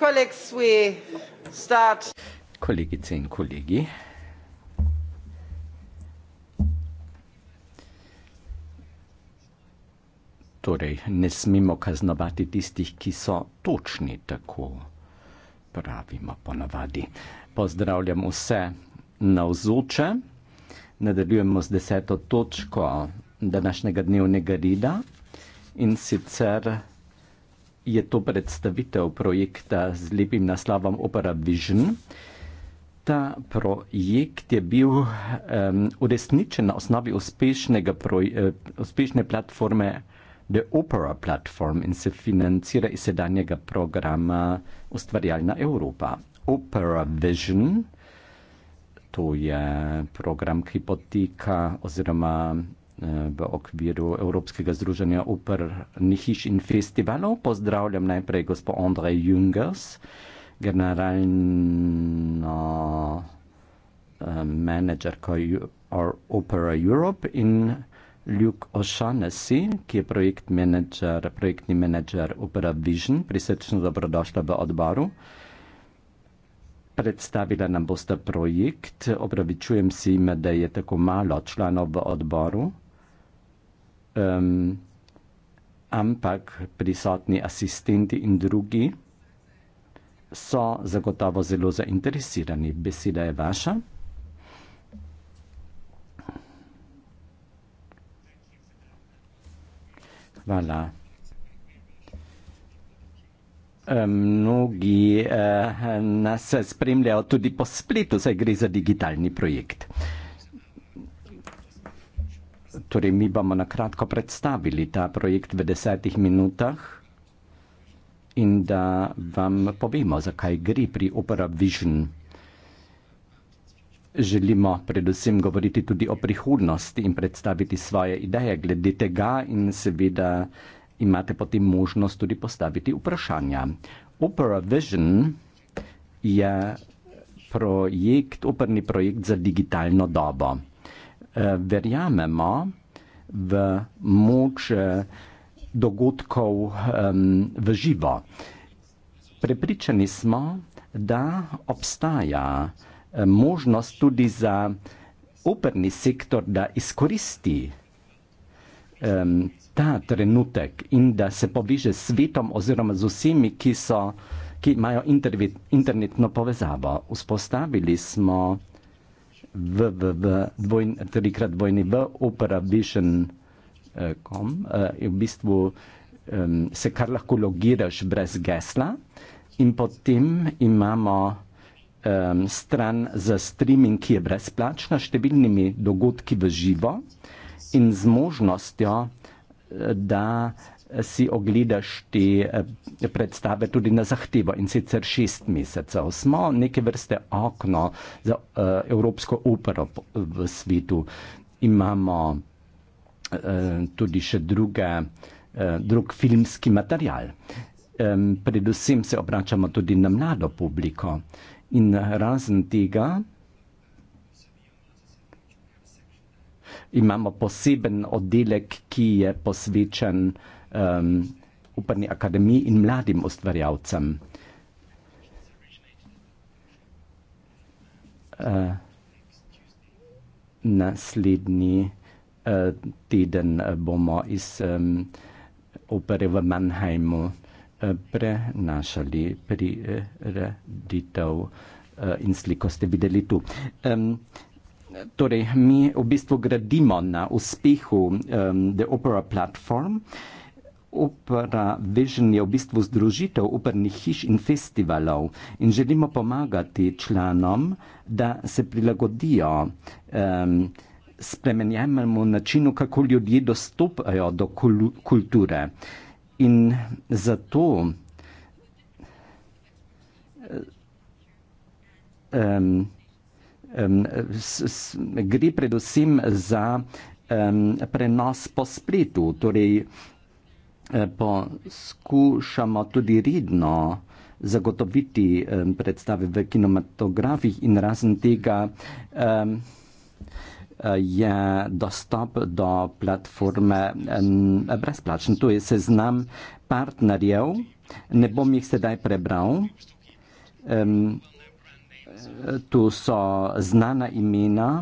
colleagues, we start. Kolegice in kolegi. Torej, ne smemo kaznovati tistih, ki so točni tako, pravimo ponavadi. Pozdravljam vse navzoče. Nadaljujemo z deseto točko današnjega dnevnega rida in sicer je to predstavitev projekta z lepim naslovom Opera Vision. Ta projekt je bil um, uresničen na osnovi eh, uspešne platforme The Opera Platform in se financira iz sedanjega programa Ustvarjalna Evropa. Opera Vision, to je program, ki poteka oziroma v okviru Evropskega združenja uprnih hiš in festivalov. Pozdravljam najprej gospod Andrej Jungers, generalno eh, menedžerko Opera Europe in Luke O'Shaughnessy, ki je projekt manager, projektni menedžer Opera Vision. Prisrčno dobrodošla v odboru. Predstavila nam boste projekt. Opravičujem si, da je tako malo članov v odboru um, ampak prisotni asistenti in drugi so zagotovo zelo zainteresirani. Beseda je vaša. Hvala. Mnogi eh, nas spremljajo tudi po spletu, saj gre za digitalni projekt. Eh, Torej, mi bomo na kratko predstavili ta projekt v desetih minutah in da vam povemo, zakaj gre pri Opera Vision. Želimo predvsem govoriti tudi o prihodnosti in predstaviti svoje ideje glede tega in seveda imate potem možnost tudi postaviti vprašanja. Opera Vision je projekt, operni projekt za digitalno dobo. Eh, verjamemo, v moč dogodkov um, v živo. Prepričani smo, da obstaja možnost tudi za operni sektor, da izkoristi um, ta trenutek in da se poveže s svetom oziroma z vsemi, ki, so, ki imajo internetno povezavo. Vzpostavili smo www, dvoj, trikrat dvojni b, operabition.com, uh, e, uh, v bistvu um, se kar lahko logiraš brez gesla in potem imamo um, stran za streaming, ki je brezplačna, številnimi dogodki v živo in z možnostjo, da si ogledaš te eh, predstave tudi na zahtevo in sicer šest mesecev. Smo neke vrste okno za eh, evropsko opero v svetu. Imamo eh, tudi še druge, drug filmski material. Predvsem se obračamo tudi na mlado publiko in razen tega imamo poseben oddelek, ki je posvečen vsega, um, Upravni akademiji in mladim ustvarjalcem. Uh, naslednji uh, teden uh, bomo iz um, opere v Mannheimu uh, prenašali prireditev uh, in sliko ste videli tu. Um, torej, mi v bistvu gradimo na uspehu um, The Opera Platform. Uh, Opera Vision je v bistvu združitev opernih hiš in festivalov in želimo pomagati članom, da se prilagodijo um, spremenjenemu načinu, kako ljudje dostopajo do kul kulture. In zato um, um, s, s, gre predvsem za um, prenos po spletu, torej Eh, poskušamo tudi redno zagotoviti um, predstave v kinematografih in razen tega um, je dostop do platforme um, brezplačen. To je seznam partnerjev, ne bom jih sedaj prebral. Um, tu so znana imena,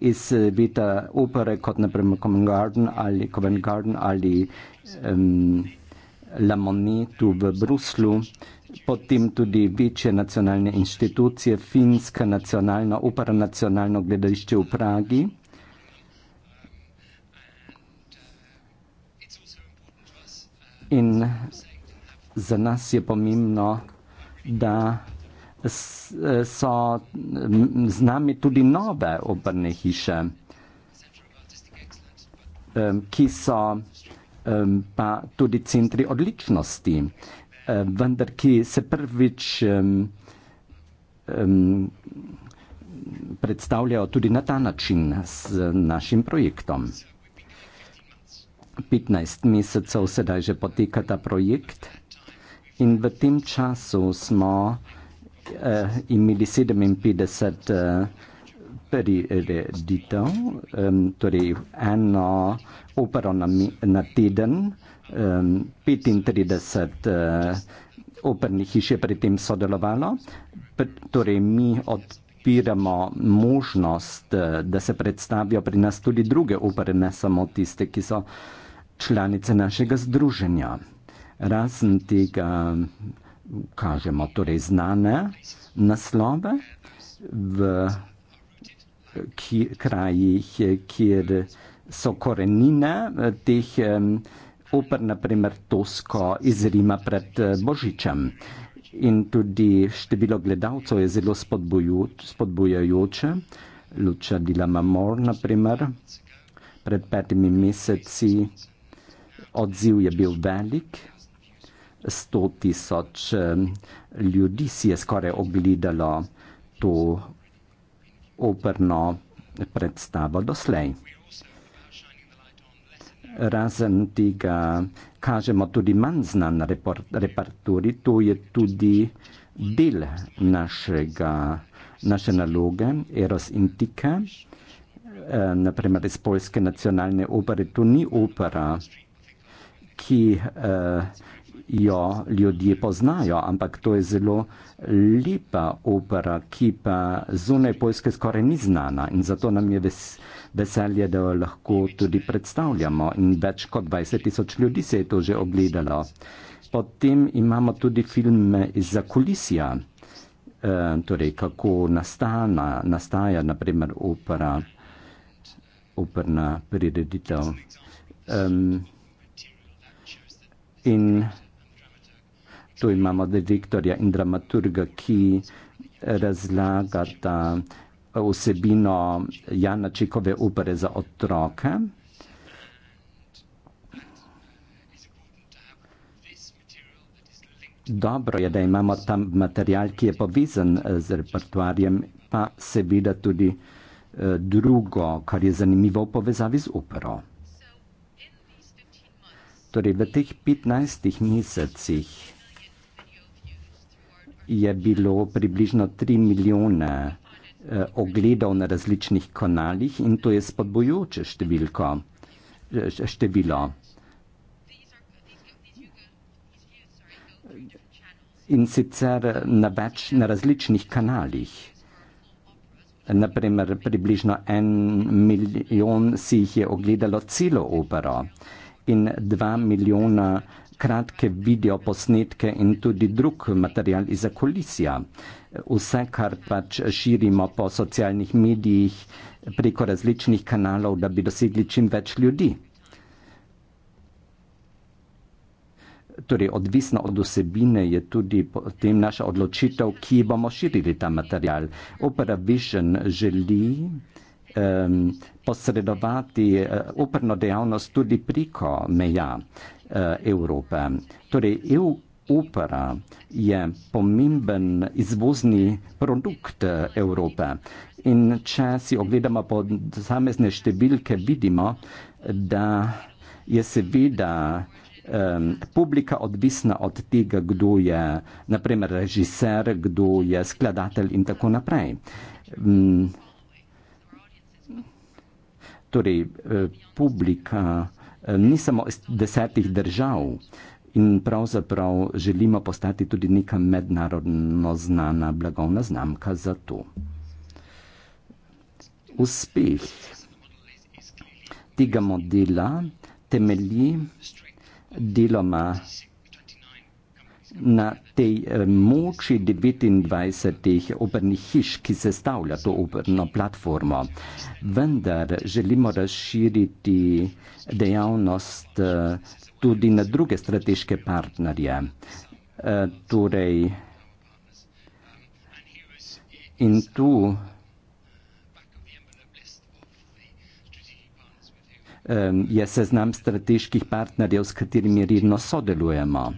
iz eh, vita opere kot naprimer Covent Garden ali, Covent Garden ali um, La Monnie tu v Bruslu, potem tudi večje nacionalne inštitucije, finska nacionalna opera, nacionalno gledališče v Pragi. In za nas je pomembno, da so z nami tudi nove obrne hiše, ki so pa tudi centri odličnosti, vendar ki se prvič predstavljajo tudi na ta način s našim projektom. 15 mesecev sedaj že poteka ta projekt in v tem času smo vsega, uh, imeli 57 uh, eh, prireditev, um, torej eno opero na, na teden, um, 35 uh, opernih hiš je pri tem sodelovalo, P torej mi odpiramo možnost, uh, da se predstavijo pri nas tudi druge opere, ne samo tiste, ki so članice našega združenja. Razen tega. Um, kažemo torej znane naslove v ki, krajih, kjer so korenine teh oper, naprimer Tosko iz Rima pred eh, Božičem. In tudi število gledalcev je zelo spodbujajoče. Luča Dila Mamor, naprimer, pred petimi meseci odziv je bil velik. 100 tisoč ljudi si je skoraj obilidalo to operno predstavo doslej. Razen tega kažemo tudi manj znan repertori, to je tudi del našega, naše naloge Eros Intike, naprimer iz Poljske nacionalne opere, to ni opera, ki uh, jo ljudje poznajo, ampak to je zelo lepa opera, ki pa zunaj Poljske skoraj ni znana in zato nam je ves, veselje, da jo lahko tudi predstavljamo in več kot 20 tisoč ljudi se je to že ogledalo. Potem imamo tudi film iz zakulisja, e, eh, torej kako nastana, nastaja naprimer opera, operna prireditev. E, in Tu imamo direktorja in dramaturga, ki razlagata vsebino Jana Čikove upore za otroke. Dobro je, da imamo tam material, ki je povezan z repertoarjem, pa seveda tudi eh, drugo, kar je zanimivo v povezavi z upero. Torej, v teh 15 mesecih je bilo približno 3 milijone eh, ogledov na različnih kanalih in to je spodbojujoče številko, eh, število. In sicer na več, na različnih kanalih. Naprimer, približno en milijon si jih je ogledalo celo opero in dva milijona kratke videoposnetke in tudi drug material iza kulisija. Vse, kar pač širimo po socialnih medijih preko različnih kanalov, da bi dosegli čim več ljudi. Torej, odvisno od osebine je tudi potem naša odločitev, ki bomo širili ta material. Opera Vision želi um, posredovati uprno eh, dejavnost tudi priko meja eh, Evrope. Torej, EU opera je pomemben izvozni produkt eh, Evrope. In če si ogledamo pod samezne številke, vidimo, da je seveda publika odvisna od tega, kdo je naprimer režiser, kdo je skladatelj in tako naprej. Mm, torej eh, publika eh, ni samo iz desetih držav in pravzaprav želimo postati tudi neka mednarodno znana blagovna znamka za to. Uspeh tega modela temelji deloma na tej eh, moči 29 obrnih hiš, ki se stavlja to obrno platformo. Vendar želimo razširiti dejavnost eh, tudi na druge strateške partnerje. Eh, torej, in tu je seznam strateških partnerjev, s katerimi redno sodelujemo.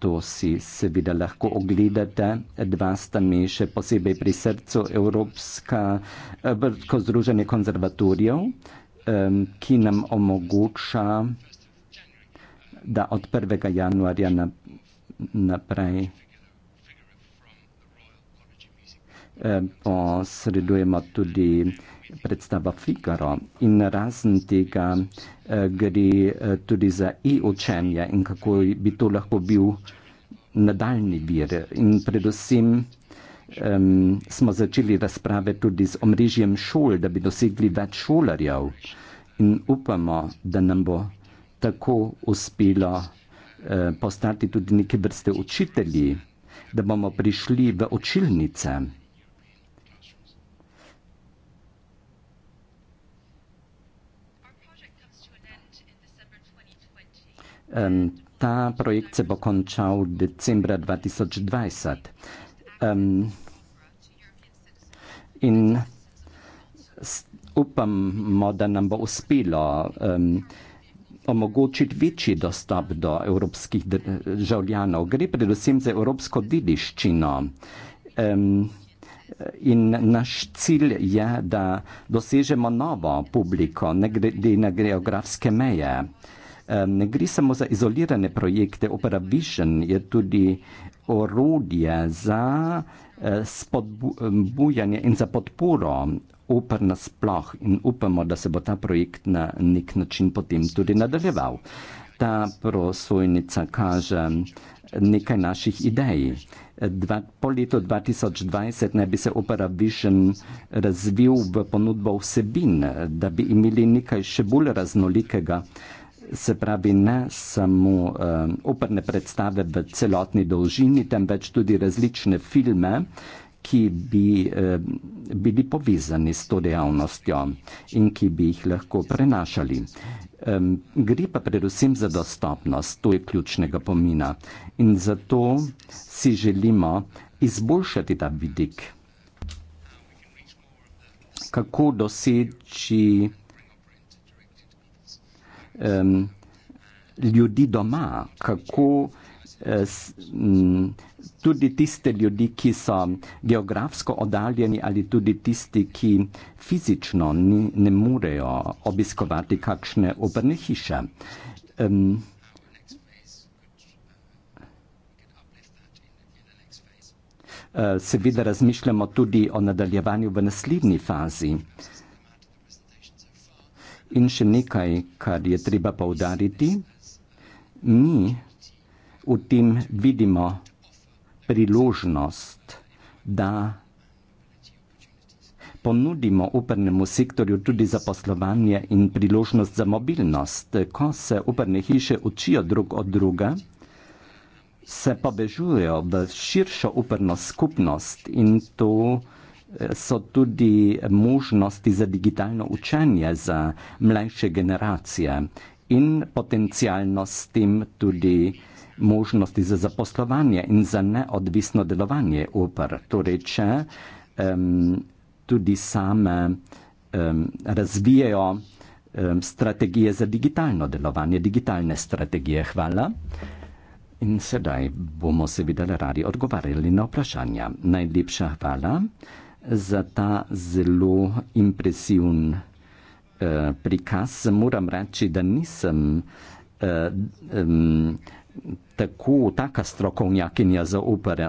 to si seveda lahko ogledate. Dva sta mi še posebej pri srcu Evropska eh, vrtko združenje konzervatorijev, ki nam omogoča, da od 1. januarja naprej posredujemo tudi vrtko, predstava Figaro in razen tega eh, gre eh, tudi za e-učenje in kako bi to lahko bil nadaljni vir. In predvsem um, smo začeli razprave tudi z omrežjem šol, da bi dosegli več šolarjev in upamo, da nam bo tako uspelo uh, postati tudi neke vrste učitelji, da bomo prišli v učilnice. Um, ta projekt se bo končal decembra 2020. Um, in upamo, da nam bo uspelo um, omogočiti večji dostop do evropskih državljanov. Gre predvsem za evropsko dediščino. Um, In naš cilj je, da dosežemo novo publiko, ne glede na geografske meje ne gre samo za izolirane projekte, opera Vision je tudi orodje za eh, spodbujanje in za podporo oper nasploh in upamo, da se bo ta projekt na nek način potem tudi nadaljeval. Ta prosojnica kaže nekaj naših idej. Dva, po letu 2020 naj bi se opera Vision razvil v ponudbo vsebin, da bi imeli nekaj še bolj raznolikega se pravi ne samo um, operne predstave v celotni dolžini, temveč tudi različne filme, ki bi um, bili povezani s to dejavnostjo in ki bi jih lahko prenašali. Um, gre pa predvsem za dostopnost, to je ključnega pomina in zato si želimo izboljšati ta vidik. Kako doseči um, ljudi doma, kako eh, s, m, tudi tiste ljudi, ki so geografsko oddaljeni ali tudi tisti, ki fizično ni, ne morejo obiskovati kakšne obrne hiše. Um, Seveda razmišljamo tudi o nadaljevanju v naslednji fazi. In še nekaj, kar je treba povdariti, mi v tem vidimo priložnost, da ponudimo upernemu sektorju tudi za poslovanje in priložnost za mobilnost. Ko se uprne hiše učijo drug od druga, se pobežujejo v širšo uprno skupnost in to vsega, so tudi možnosti za digitalno učenje za mlajše generacije in potencialno s tem tudi možnosti za zaposlovanje in za neodvisno delovanje UPR. Torej, če um, tudi same um, razvijajo um, strategije za digitalno delovanje, digitalne strategije. Hvala. In sedaj bomo seveda radi odgovarjali na vprašanja. Najlepša hvala za ta zelo impresivn uh, prikaz. Moram reči, da nisem uh, um, tako taka strokovnjakinja za opere,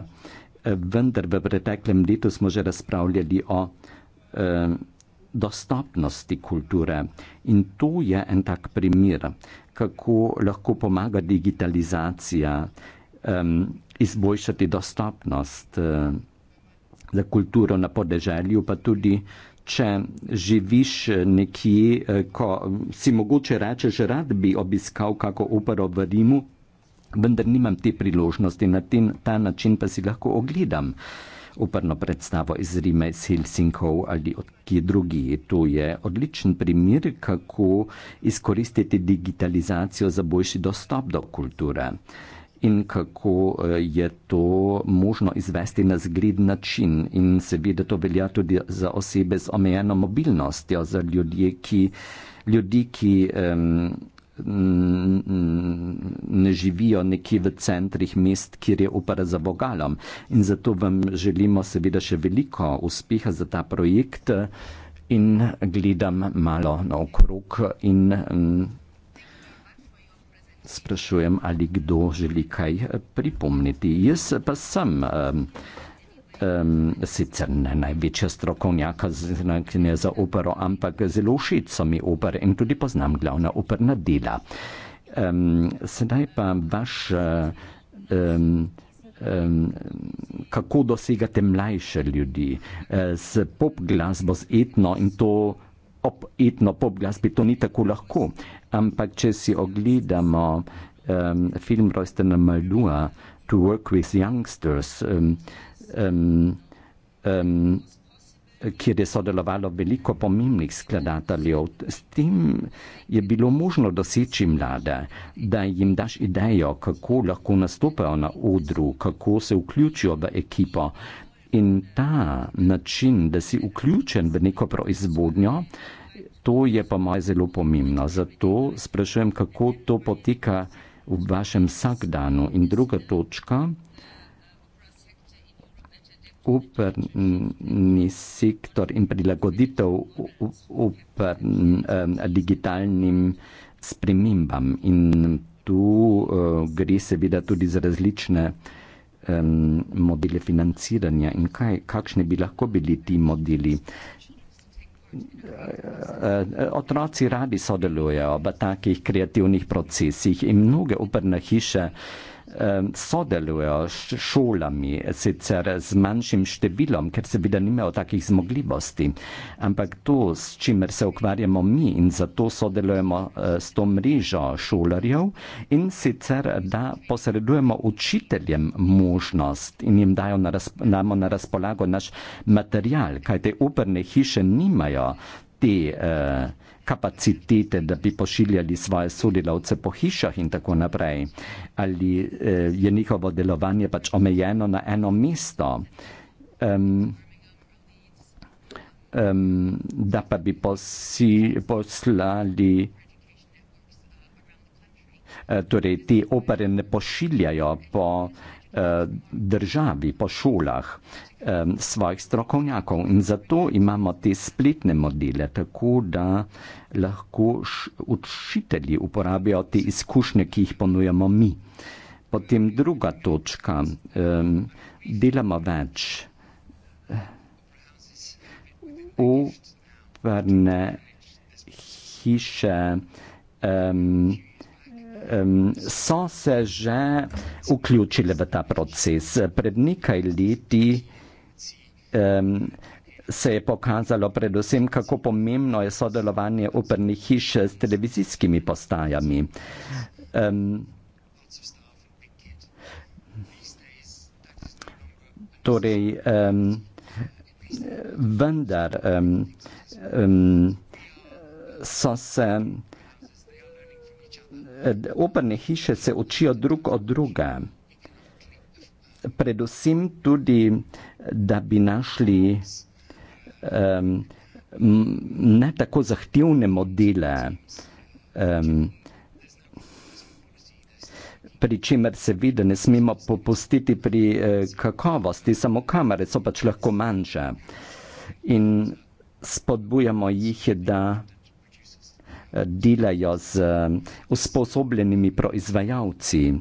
eh, vendar v preteklem letu smo že razpravljali o uh, dostopnosti kulture in to je en tak primer, kako lahko pomaga digitalizacija um, izboljšati dostopnost. Uh, za kulturo na podeželju, pa tudi če živiš eh, nekje, eh, ko si mogoče rečeš, rad bi obiskal kako upro v Rimu, vendar nimam te priložnosti, na ten, ta način pa si lahko ogledam uprno predstavo iz Rime, iz Helsinkov ali od kje drugi. To je odličen primer, kako izkoristiti digitalizacijo za boljši dostop do kulture in kako eh, je to možno izvesti na zgled način. In seveda to velja tudi za osebe z omejeno mobilnostjo, za ljudje, ki. Ljudi, ki um, ne živijo nekje v centrih mest, kjer je upara za bogalom. In zato vam želimo seveda še veliko uspeha za ta projekt in gledam malo naokrog in um, sprašujem, ali kdo želi kaj eh, pripomniti. Jaz pa sem um, um, sicer ne največja strokovnjaka za opero, ampak zelo všeč so mi opere in tudi poznam glavna operna dela. Um, sedaj pa vaš. Um, Um, kako dosegate mlajše ljudi, eh, s pop glasbo, s etno in to ob etno pop glasbi to ni tako lahko. Ampak če si ogledamo um, film Rojstena Maldua, To Work with Youngsters, um, um, um, kjer je sodelovalo veliko pomembnih skladateljev, s tem je bilo možno doseči mlade, da jim daš idejo, kako lahko nastopajo na odru, kako se vključijo v ekipo. In ta način, da si vključen v neko proizvodnjo, to je pa maj zelo pomembno. Zato sprašujem, kako to poteka v vašem vsakdanu. In druga točka, uprni sektor in prilagoditev uprn, um, digitalnim spremembam. In tu uh, gre seveda tudi za različne um, modele financiranja in kaj, kakšni bi lahko bili ti modeli. Otroci radi sodelujejo v takih kreativnih procesih in mnoge operne hiše uh, sodelujejo s šolami, sicer z manjšim številom, ker seveda nimajo takih zmogljivosti. Ampak to, s čimer se ukvarjamo mi in zato sodelujemo e, s to mrežo šolarjev in sicer, da posredujemo učiteljem možnost in jim dajo na, razp na razpolago naš material, kaj te uprne hiše nimajo te eh, kapacitete, da bi pošiljali svoje sodelavce po hišah in tako naprej, ali eh, je njihovo delovanje pač omejeno na eno mesto. Um, um, da pa bi posi, poslali. Eh, torej, te opere ne pošiljajo po Eh, državi, po šolah eh, svojih strokovnjakov in zato imamo te spletne modele, tako da lahko učitelji uporabijo te izkušnje, ki jih ponujamo mi. Potem druga točka, delamo več operne hiše, um, so se že vključile v ta proces. Pred nekaj leti um, se je pokazalo predvsem, kako pomembno je sodelovanje opernih hiš s televizijskimi postajami. Um, torej, um, vendar um, um, so se obrne hiše se učijo drug od druga. Predvsem tudi, da bi našli um, ne tako zahtevne modele, um, pri čemer seveda ne smemo popustiti pri uh, kakovosti, samo kamere so pač lahko manjše in spodbujamo jih, da delajo z um, usposobljenimi proizvajalci.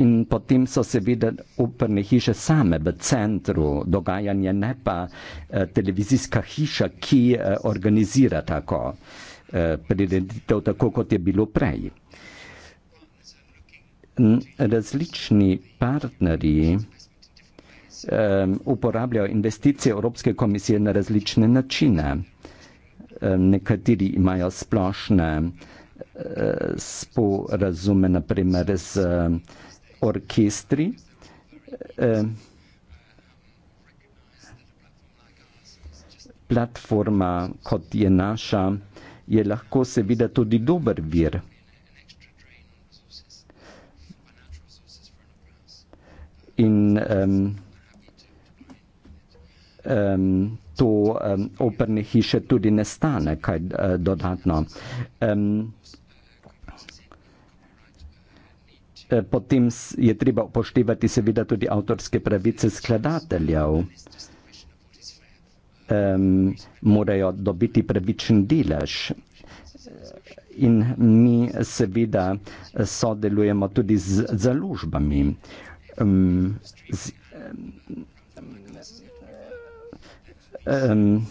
In potem so seveda operne hiše same v centru dogajanja, ne pa eh, televizijska hiša, ki eh, organizira tako eh, prireditev, tako kot je bilo prej. N različni partnerji eh, uporabljajo investicije Evropske komisije na različne načine. Eh, nekateri imajo splošne eh, sporazume, naprimer z eh, orkestri. Platforma, kot je naša, je lahko seveda tudi dober vir. In um, um, to um, operne hiše tudi ne stane kaj uh, dodatno. Um, Potem je treba upoštevati seveda tudi avtorske pravice skladateljev. Um, morajo dobiti pravičen delež. In mi seveda eh, sodelujemo tudi z založbami. Um, Um,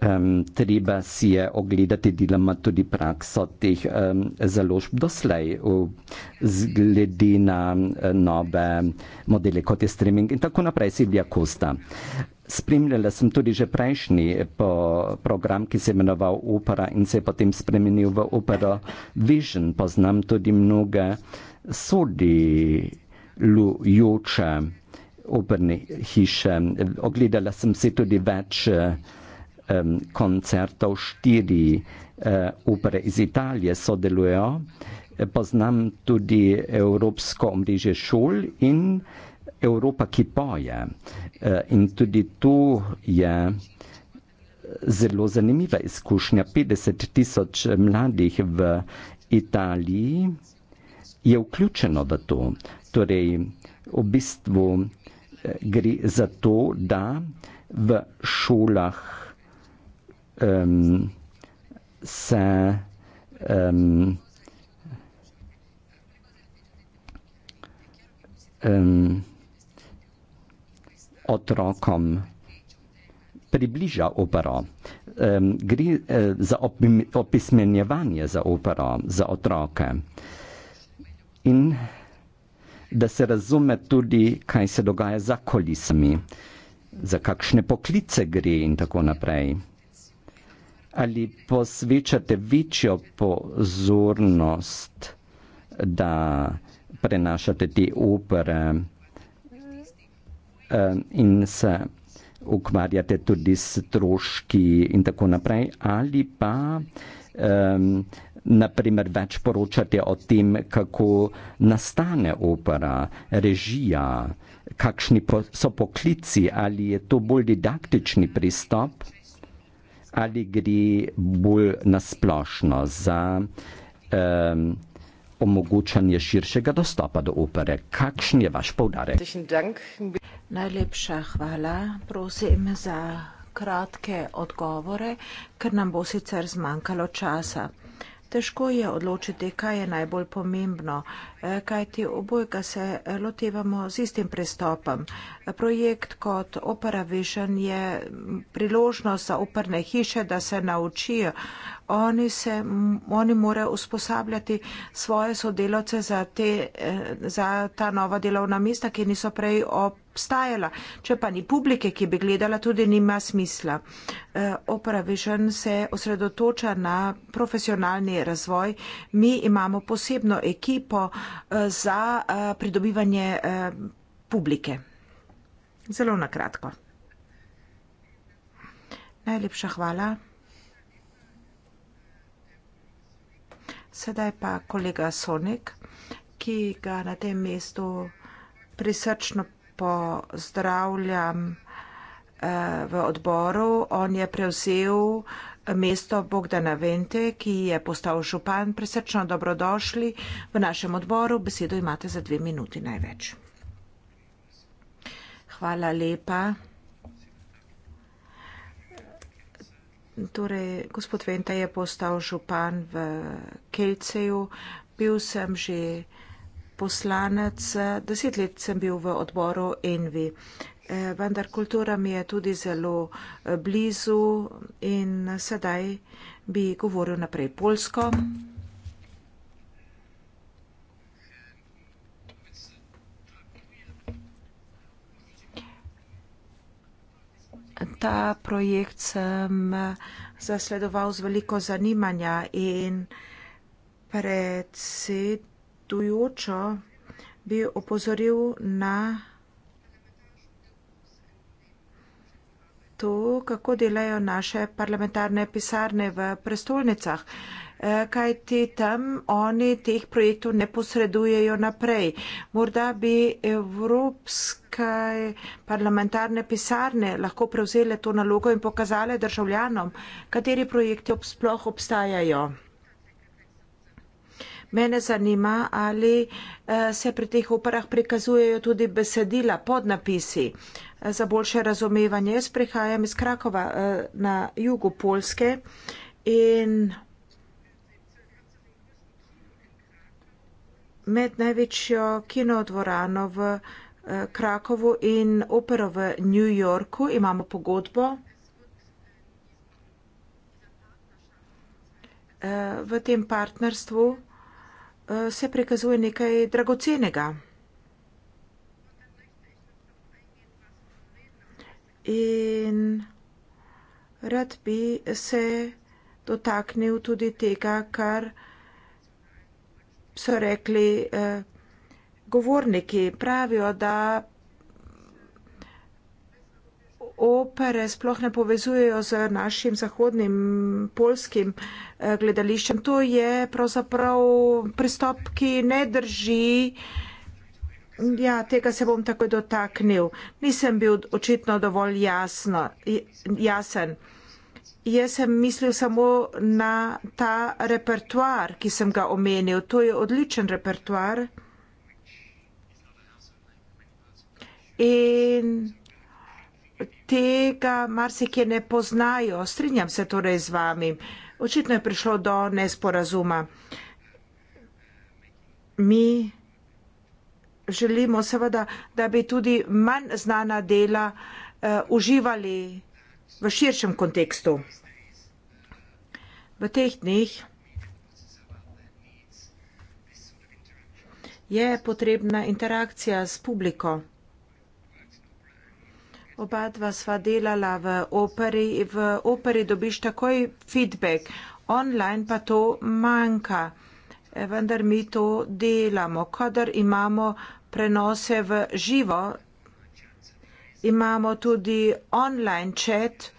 Um, treba si je ogledati deloma tudi prakso teh um, založb doslej, glede na eh, nove modele, kot je streaming in tako naprej, Silvija Kosta. Spremljala sem tudi že prejšnji eh, po program, ki se je imenoval Opera in se je potem spremenil v Opera Vision. Poznam tudi mnoge sodelujoče operne hiše. Ogledala sem si tudi več um, koncertov, štiri uh, opere iz Italije sodelujo. Poznam tudi Evropsko omrežje šol in. Evropa, ki poje. Eh, in tudi tu je eh, zelo zanimiva izkušnja. 50 tisoč eh, mladih v Italiji je vključeno v to. Torej, v bistvu gre za to, da v šolah um, se um, um, otrokom približa opero. Um, gre uh, za opismenjevanje za opero, za otroke. In da se razume tudi, kaj se dogaja za kolisami, za kakšne poklice gre in tako naprej. Ali posvečate večjo pozornost, da prenašate te opere? Eh, in se ukvarjate tudi s stroški in tako naprej, ali pa um, naprimer več poročate o tem, kako nastane opera, režija, kakšni po, so poklici, ali je to bolj didaktični pristop, ali gre bolj nasplošno za um, omogočanje širšega dostopa do opere. Kakšen je vaš povdarek? Najlepša hvala, prosim, za kratke odgovore, ker nam bo sicer zmanjkalo časa. Težko je odločiti, kaj je najbolj pomembno, eh, kajti obojka se lotevamo z istim pristopom projekt kot Opera Vision je priložnost za operne hiše, da se naučijo. Oni, se, oni morajo usposabljati svoje sodelavce za, te, eh, za ta nova delovna mesta, ki niso prej obstajala. Če pa ni publike, ki bi gledala, tudi nima smisla. Eh, Opera Vision se osredotoča na profesionalni razvoj. Mi imamo posebno ekipo eh, za pridobivanje publike zelo na kratko. Najlepša hvala. Sedaj pa kolega Sonik, ki ga na tem mestu prisrčno pozdravljam eh, v odboru. On je prevzel mesto Bogdana Vente, ki je postal župan. Prisrčno dobrodošli v našem odboru. Besedo imate za dve minuti največ. Hvala lepa. Torej, gospod Venta je postal župan v Kelceju. Bil sem že poslanec, deset let sem bil v odboru Envi. Eh, vendar kultura mi je tudi zelo eh, blizu in eh, sedaj bi govoril naprej polsko. ta projekt sem eh, zasledoval z veliko zanimanja in predsedujočo bi opozoril na to, kako delajo naše parlamentarne pisarne v prestolnicah. Eh, kajti tam oni teh projektov ne posredujejo naprej. Morda bi Evropske parlamentarne pisarne lahko prevzele to nalogo in pokazale državljanom, kateri projekti sploh obstajajo. Mene zanima, ali eh, se pri teh operah prikazujejo tudi besedila, podnapisi eh, za boljše razumevanje. Jaz prihajam iz Krakova na jugu Polske in med največjo kinodvorano v eh, Krakovu in opero v New Yorku. Imamo pogodbo. Eh, v tem partnerstvu eh, se prikazuje nekaj dragocenega. In rad bi se dotaknil tudi tega, kar so rekli eh, govorniki, pravijo, da opere sploh ne povezujejo z našim zahodnim polskim eh, gledališčem. To je pravzaprav pristop, ki ne drži. Ja, tega se bom takoj dotaknil. Nisem bil očitno dovolj jasno, jasen jaz sem mislil samo na ta repertoar, ki sem ga omenil. To je odličen repertoar. In tega marsikje ne poznajo. Strinjam se torej z vami. Očitno je prišlo do nesporazuma. Mi želimo seveda, da bi tudi manj znana dela uh, uživali v širšem kontekstu. V teh dneh je potrebna interakcija s publiko. Oba dva sva delala v operi. V operi dobiš takoj feedback, online pa to manjka. E, vendar mi to delamo, kadar imamo prenose v živo, imamo tudi online čet,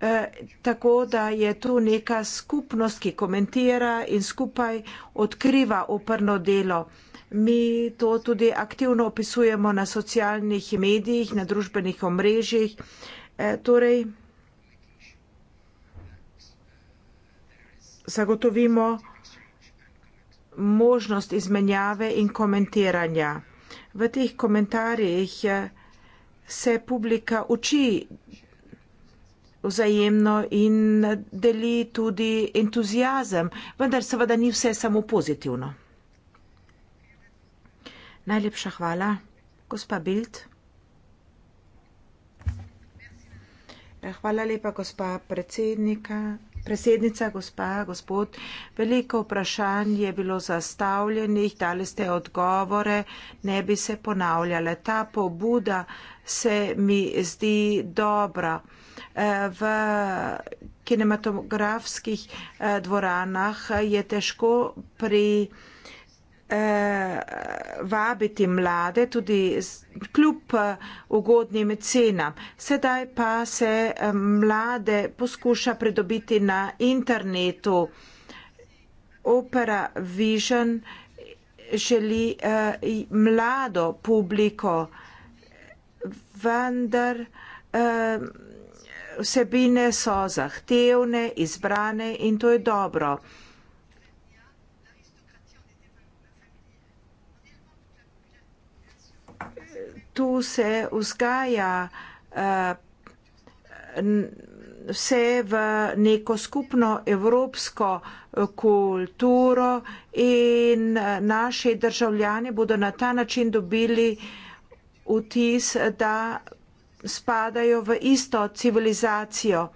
eh, tako da je tu neka skupnost, ki komentira in skupaj odkriva oprno delo. Mi to tudi aktivno opisujemo na socialnih medijih, na družbenih omrežjih. Eh, torej, zagotovimo možnost izmenjave in komentiranja. V teh komentarjih eh, se publika uči vzajemno in deli tudi entuzijazem, vendar seveda ni vse samo pozitivno. Najlepša hvala, gospa Bild. Hvala lepa, gospa predsednika. Presednica, gospa, gospod, veliko vprašanj je bilo zastavljenih, dali ste odgovore, ne bi se ponavljale. Ta pobuda se mi zdi dobra. E, v kinematografskih e, dvoranah je težko pri eh, vabiti mlade tudi z, kljub eh, ugodnim cenam. Sedaj pa se eh, mlade poskuša pridobiti na internetu. Opera Vision želi eh, mlado publiko, vendar eh, vsebine so zahtevne, izbrane in to je dobro. tu se vzgaja uh, vse v neko skupno evropsko eh, kulturo in eh, naši državljani bodo na ta način dobili vtis, da spadajo v isto civilizacijo.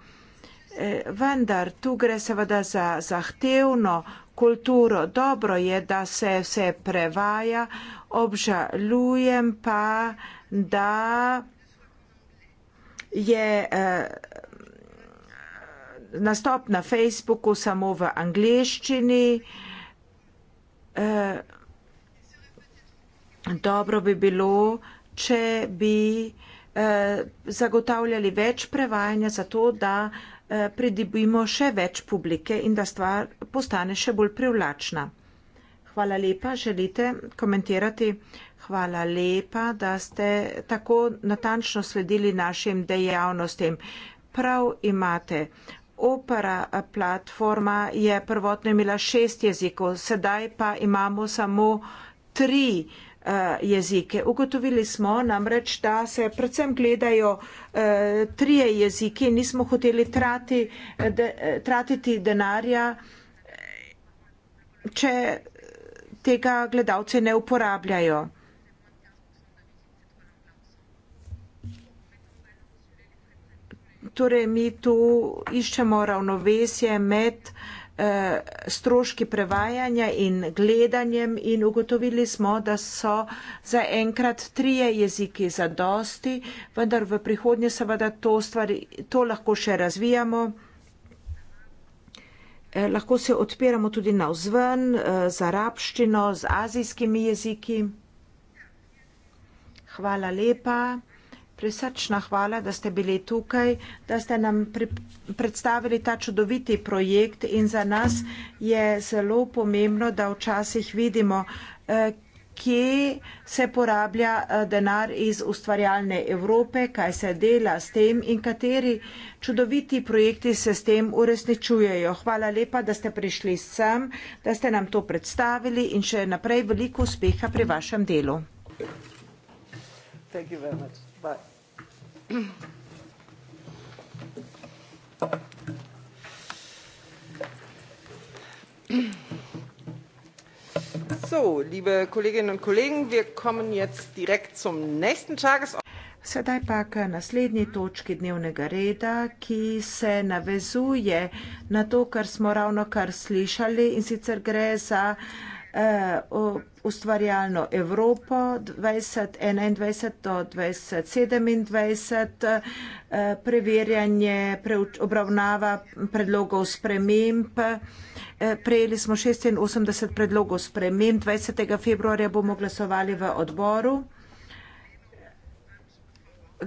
Vendar tu gre seveda za zahtevno kulturo. Dobro je, da se vse prevaja, obžalujem pa, da je eh, nastop na Facebooku samo v angliščini. Eh, dobro bi bilo, če bi eh, zagotavljali več prevajanja za to, da eh, pridobimo še več publike in da stvar postane še bolj privlačna. Hvala lepa. Želite komentirati? Hvala lepa, da ste tako natančno sledili našim dejavnostim. Prav imate. Opera platforma je prvotno imela šest jezikov, sedaj pa imamo samo tri eh, jezike. Ugotovili smo namreč, da se predvsem gledajo eh, trije jeziki, nismo hoteli trati, eh, de, tratiti denarja. Če tega gledalci ne uporabljajo. Torej, mi tu iščemo ravnovesje med eh, stroški prevajanja in gledanjem in ugotovili smo, da so za enkrat trije jeziki za dosti, vendar v prihodnje seveda to, stvari, to lahko še razvijamo. Eh, lahko se odpiramo tudi navzven eh, z arabščino, z azijskimi jeziki. Hvala lepa. Presrčna hvala, da ste bili tukaj, da ste nam predstavili ta čudoviti projekt in za nas je zelo pomembno, da včasih vidimo, eh, kje se porablja eh, denar iz ustvarjalne Evrope, kaj se dela s tem in kateri čudoviti projekti se s tem uresničujejo. Hvala lepa, da ste prišli sem, da ste nam to predstavili in še naprej veliko uspeha pri vašem delu. Thank you very much. Bye. So, liebe Kolleginnen und Kollegen, wir kommen jetzt direkt zum nächsten Tagesordnungspunkt. Sedaj pa k naslednji točki dnevnega reda, ki se navezuje na to, kar smo ravno kar slišali in sicer gre za uh, ustvarjalno Evropo 2021 do 2027, uh, eh, preverjanje, preuč, obravnava predlogov sprememb. Eh, prejeli smo 86 predlogov sprememb, 20. februarja bomo glasovali v odboru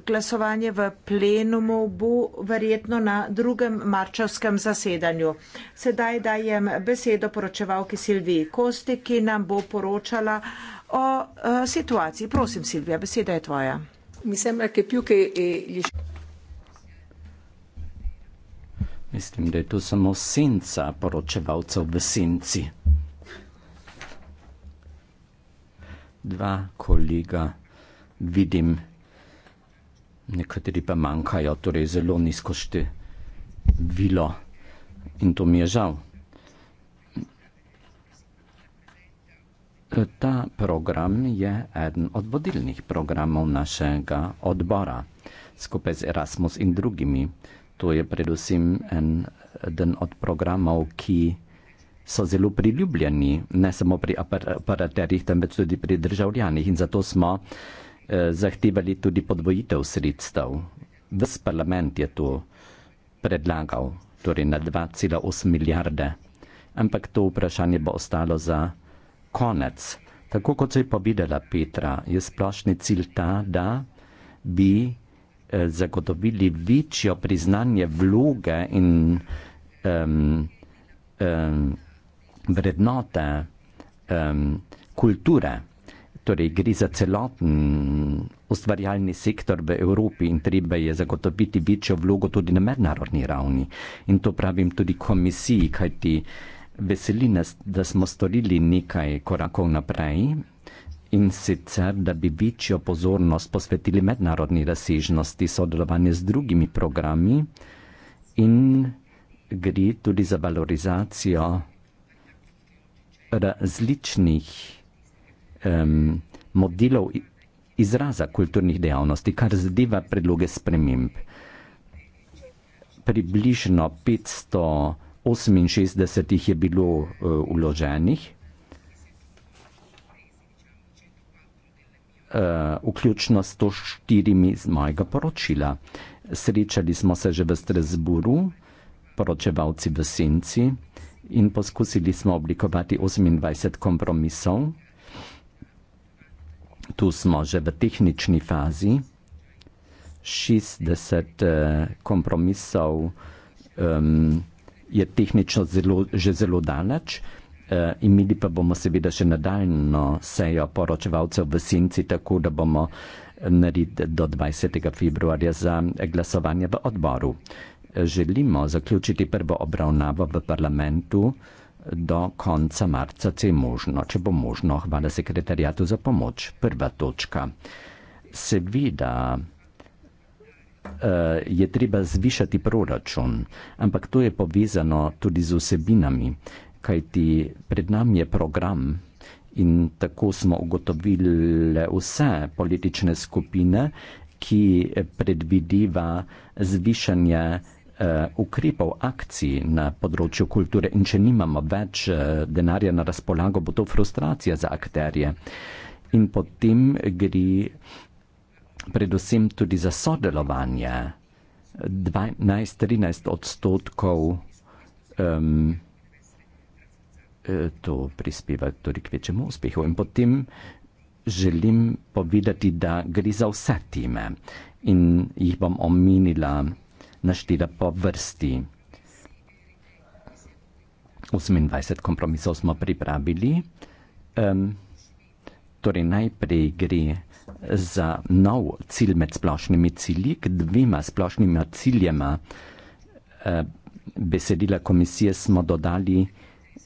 glasovanje v plenumu bo verjetno na drugem marčevskem zasedanju. Sedaj dajem besedo poročevalki Silviji Kosti, ki nam bo poročala o uh, situaciji. Prosim, Silvija, beseda je tvoja. Mislim, da je pjuke e, liš. Mislim, da je to samo senca poročevalcev v senci. Dva kolega vidim nekateri pa manjkajo, torej zelo nizko število in to mi je žal. Ta program je eden od vodilnih programov našega odbora skupaj z Erasmus in drugimi. To je predvsem en, eden od programov, ki so zelo priljubljeni, ne samo pri aparaterjih, temveč tudi pri državljanih. In zato smo uh, Eh, zahtevali tudi podvojitev sredstev. Ves parlament je to predlagal, torej na 2,8 milijarde, ampak to vprašanje bo ostalo za konec. Tako kot je povedala Petra, je splošni cilj ta, da bi eh, zagotovili večjo priznanje vloge in um, um, vrednote um, kulture torej gre za celoten ustvarjalni sektor v Evropi in treba je zagotoviti večjo vlogo tudi na mednarodni ravni. In to pravim tudi komisiji, kajti veseli nas, da smo storili nekaj korakov naprej in sicer, da bi večjo pozornost posvetili mednarodni razsežnosti sodelovanja z drugimi programi in gre tudi za valorizacijo različnih um, modelov izraza kulturnih dejavnosti, kar zadeva predloge sprememb. Približno 568 jih je bilo uh, e, uloženih, uh, e, vključno 104 iz mojega poročila. Srečali smo se že v Strasburu, poročevalci v Senci, in poskusili smo oblikovati 28 kompromisov tu smo že v tehnični fazi. 60 uh, eh, kompromisov um, je tehnično zelo, že zelo daleč. Uh, imeli pa bomo seveda še nadaljno sejo poročevalcev v Sinci, tako da bomo eh, naredili do 20. februarja za glasovanje v odboru. Želimo zaključiti prvo obravnavo v parlamentu do konca marca, če je možno, če bo možno. Hvala sekretarjatu za pomoč. Prva točka. Seveda eh, je treba zvišati proračun, ampak to je povezano tudi z osebinami, kajti pred nami je program in tako smo ugotovili vse politične skupine, ki predvideva zvišanje Eh, ukrepov, akcij na področju kulture in če nimamo več eh, denarja na razpolago, bo to frustracija za akterje. In potem gre predvsem tudi za sodelovanje. 12-13 odstotkov um, to prispeva tudi k večjemu uspehu. In potem želim povedati, da gre za vse time in jih bom omenila naštela po vrsti. 28 kompromisov smo pripravili. Um, torej najprej gre za nov cilj med splošnimi cilji, k dvema splošnima ciljema uh, besedila komisije smo dodali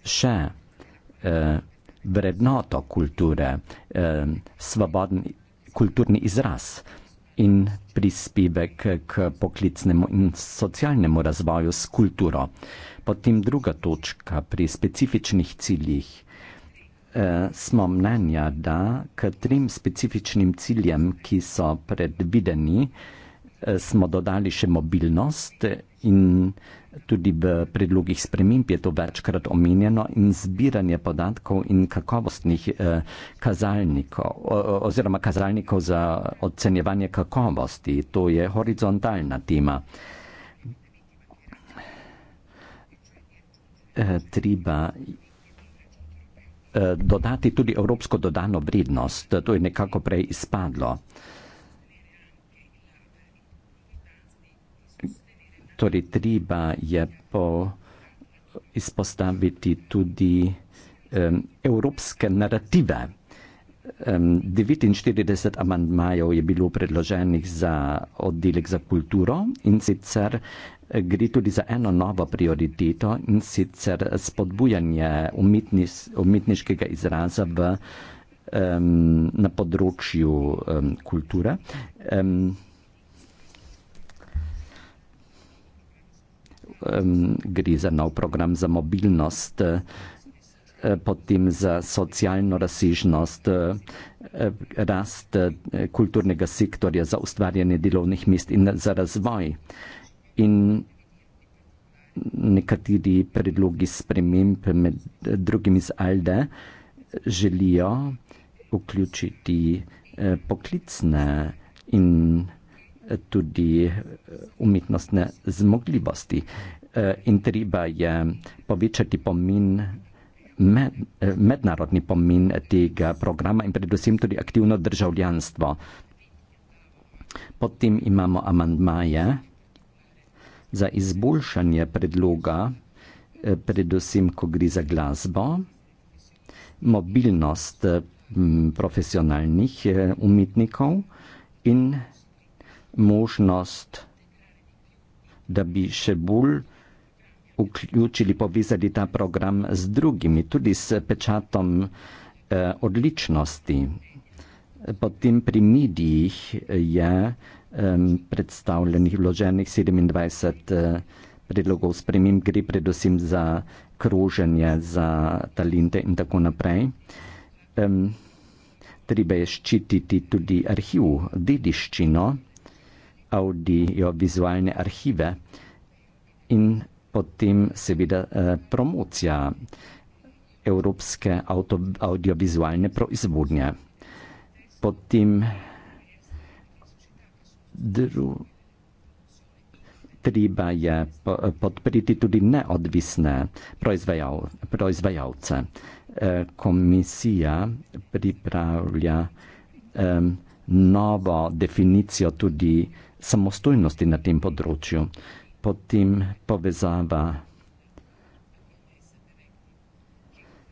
še uh, vrednoto kulture, uh, eh, svobodni kulturni izraz. Uh, in prispevek k poklicnemu in socialnemu razvoju s kulturo. Potem druga točka pri specifičnih ciljih. Eh, smo mnenja, da k trem specifičnim ciljem, ki so predvideni, eh, smo dodali še mobilnost in tudi v predlogih sprememb je to večkrat omenjeno in zbiranje podatkov in kakovostnih eh, kazalnikov o, oziroma kazalnikov za ocenjevanje kakovosti. To je horizontalna tema. Eh, treba eh, dodati tudi evropsko dodano vrednost, to je nekako prej izpadlo. Eh, torej treba je po izpostaviti tudi um, evropske narative. Um, 49 amantmajev je bilo predloženih za oddelek za kulturo in sicer gre tudi za eno novo prioriteto in sicer spodbujanje umetnis, umetniškega izraza v, um, na področju um, kulture. Um, gre za nov program za mobilnost, eh, potem za socialno razsežnost, eh, rast eh, kulturnega sektorja, za ustvarjanje delovnih mest in za razvoj. In nekateri predlogi sprememb, med drugim iz ALDE, želijo vključiti poklicne in tudi eh, umetnostne zmogljivosti. Eh, in treba je povečati pomin, med, eh, mednarodni pomin tega programa in predvsem tudi aktivno državljanstvo. Potem imamo amandmaje za izboljšanje predloga, predvsem, ko gre za glasbo, mobilnost profesionalnih umetnikov in možnost, da bi še bolj vključili, povezali ta program z drugimi, tudi s pečatom eh, odličnosti. Potem pri medijih je eh, predstavljenih vloženih 27 eh, predlogov sprememb, gre predvsem za kroženje, za talente in tako naprej. Eh, treba je ščititi tudi arhiv, dediščino audiovizualne arhive in potem seveda eh, promocija evropske auto, audiovizualne proizvodnje. Potem dru, treba je podpriti tudi neodvisne proizvajal, proizvajalce. Eh, komisija pripravlja eh, novo definicijo tudi samostojnosti na tem področju. Potem povezava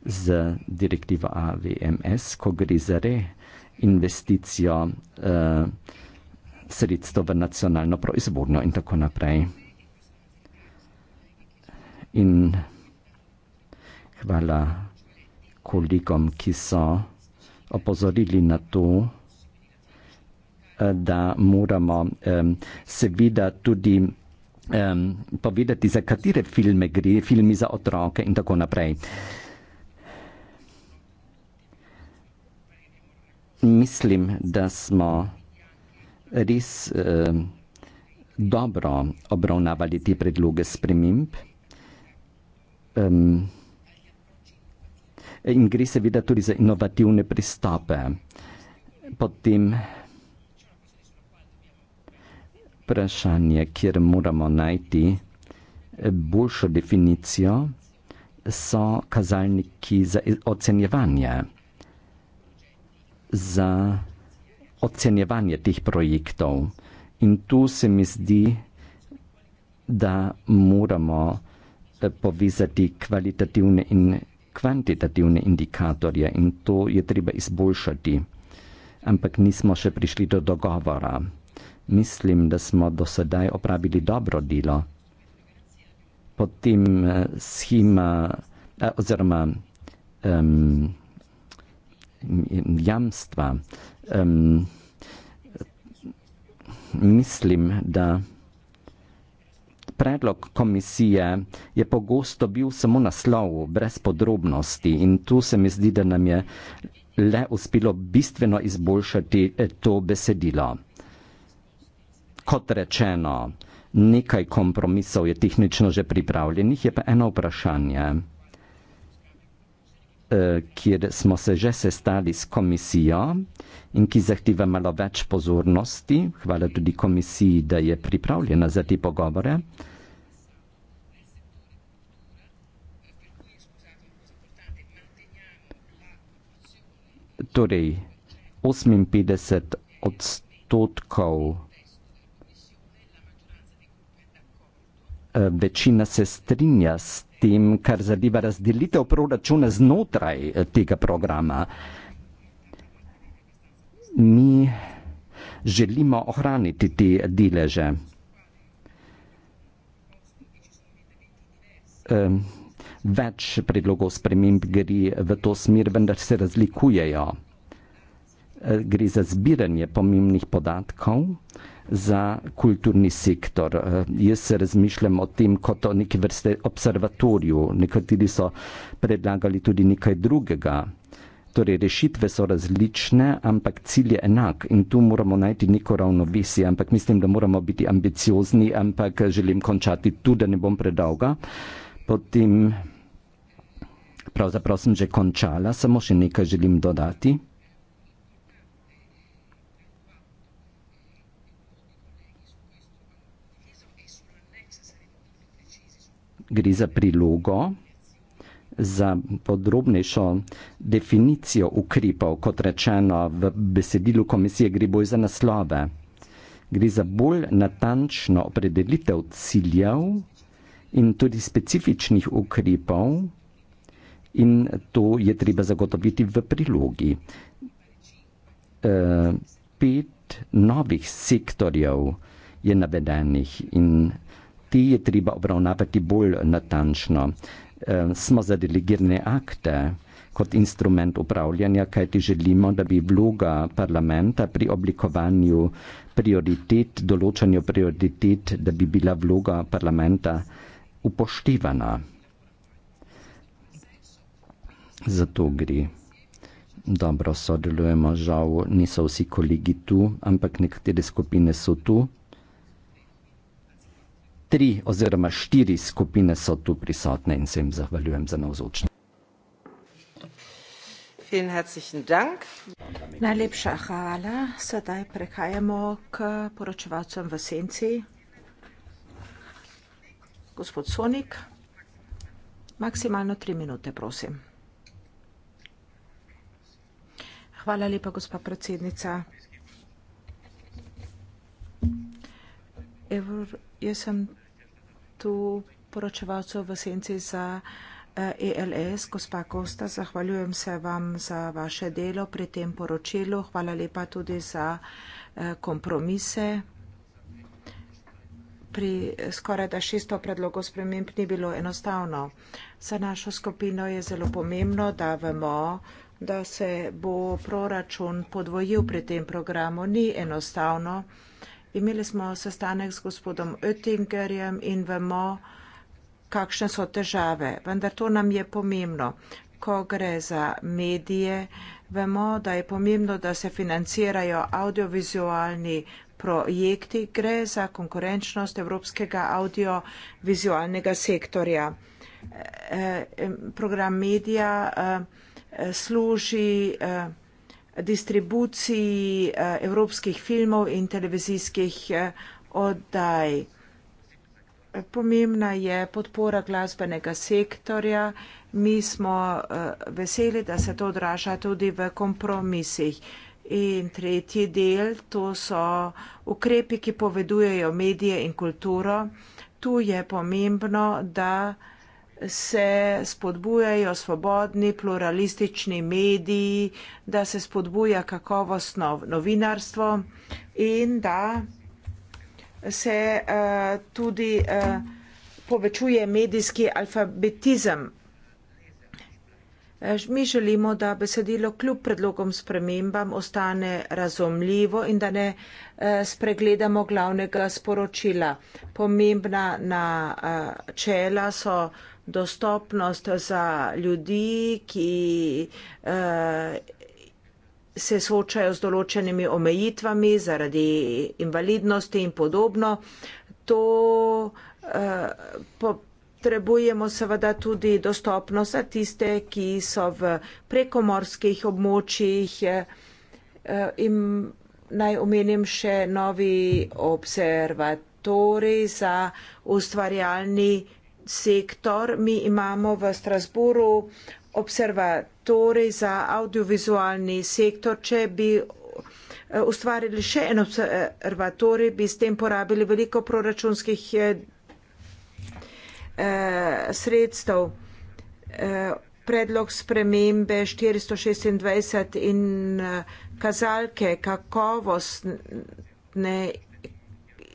z direktivo AVMS, ko gre za reinvesticijo uh, eh, sredstva v nacionalno proizvodnjo in tako naprej. In hvala kolegom, ki so opozorili na to. Eh, da moramo um, seveda tudi um, povedati, za katere filme gre, filmi za otroke in tako naprej. Mislim, da smo res um, dobro obravnavali te predloge sprememb. Um, in gre seveda tudi za inovativne pristope. Potem vprašanje, kjer moramo najti eh, boljšo definicijo, so kazalniki za ocenjevanje, za ocenjevanje teh projektov. In tu se mi zdi, da moramo eh, povezati kvalitativne in kvantitativne indikatorje in to je treba izboljšati. Ampak nismo še prišli do dogovora mislim, da smo do sedaj opravili dobro delo. Potem eh, schema, eh, oziroma um, jamstva. Um, mislim, da predlog komisije je pogosto bil samo naslov, brez podrobnosti in tu se mi zdi, da nam je le uspelo bistveno izboljšati eh, to besedilo. Kot rečeno, nekaj kompromisov je tehnično že pripravljenih, je pa eno vprašanje, eh, kjer smo se že sestali s komisijo in ki zahteva malo več pozornosti. Hvala tudi komisiji, da je pripravljena za te pogovore. Torej, 58 odstotkov Eh, večina se strinja s tem, kar zadeva razdelitev proračuna znotraj eh, tega programa. Mi želimo ohraniti te deleže. Ehm, več predlogov sprememb gre v to smer, vendar se razlikujejo. Eh, gre za zbiranje pomembnih podatkov za kulturni sektor. Eh, jaz se razmišljam o tem kot o neki vrste observatoriju. Nekateri so predlagali tudi nekaj drugega. Torej, rešitve so različne, ampak cilj je enak in tu moramo najti neko ravnovesje, ampak mislim, da moramo biti ambiciozni, ampak želim končati tu, da ne bom predolga. Potem, pravzaprav sem že končala, samo še nekaj želim dodati. gre za prilogo za podrobnejšo definicijo ukrepov, kot rečeno v besedilu komisije, gre bolj za naslove. Gre za bolj natančno opredelitev ciljev in tudi specifičnih ukrepov in to je treba zagotoviti v prilogi. E, pet novih sektorjev je navedenih in te je treba obravnavati bolj natančno. Smo za delegirane akte kot instrument upravljanja, kajti želimo, da bi vloga parlamenta pri oblikovanju prioritet, določanju prioritet, da bi bila vloga parlamenta upoštevana. Zato gre. Dobro sodelujemo, žal niso vsi kolegi tu, ampak nekatere skupine so tu tri oziroma štiri skupine so tu prisotne in se jim zahvaljujem za navzočnost. Najlepša hvala. Sedaj prehajamo k poročevalcem v senci. Gospod Sonik, maksimalno tri minute, prosim. Hvala lepa, gospa predsednica. Evro, jaz sem tu poročevalcu v senci za ELS, eh, e gospa Kosta, zahvaljujem se vam za vaše delo pri tem poročilu. Hvala lepa tudi za eh, kompromise. Pri skoraj da šesto predlogu sprememb ni bilo enostavno. Za našo skupino je zelo pomembno, da vemo, da se bo proračun podvojil pri tem programu. Ni enostavno. Imeli smo sestanek z gospodom Oettingerjem in vemo, kakšne so težave. Vendar to nam je pomembno. Ko gre za medije, vemo, da je pomembno, da se financirajo audiovizualni projekti. Gre za konkurenčnost evropskega audiovizualnega sektorja. Eh, eh, program medija eh, služi distribuciji eh, evropskih filmov in televizijskih eh, oddaj. Pomembna je podpora glasbenega sektorja. Mi smo eh, veseli, da se to odraža tudi v kompromisih. In tretji del, to so ukrepi, ki povedujejo medije in kulturo. Tu je pomembno, da se spodbujajo svobodni, pluralistični mediji, da se spodbuja kakovostno novinarstvo in da se uh, tudi uh, povečuje medijski alfabetizem. Eh, mi želimo, da besedilo kljub predlogom spremembam ostane razumljivo in da ne spregledamo glavnega sporočila. Pomembna načela so dostopnost za ljudi, ki eh, se soočajo z določenimi omejitvami zaradi invalidnosti in podobno. To eh, po Potrebujemo seveda tudi dostopnost za tiste, ki so v prekomorskih območjih eh, in naj omenim še novi observatori za ustvarjalni sektor. Mi imamo v Strasburu observatorij za audiovizualni sektor. Če bi eh, ustvarili še en observatorij, bi s tem porabili veliko proračunskih eh, eh, sredstev. Predlog spremembe 426 in kazalke kakovostne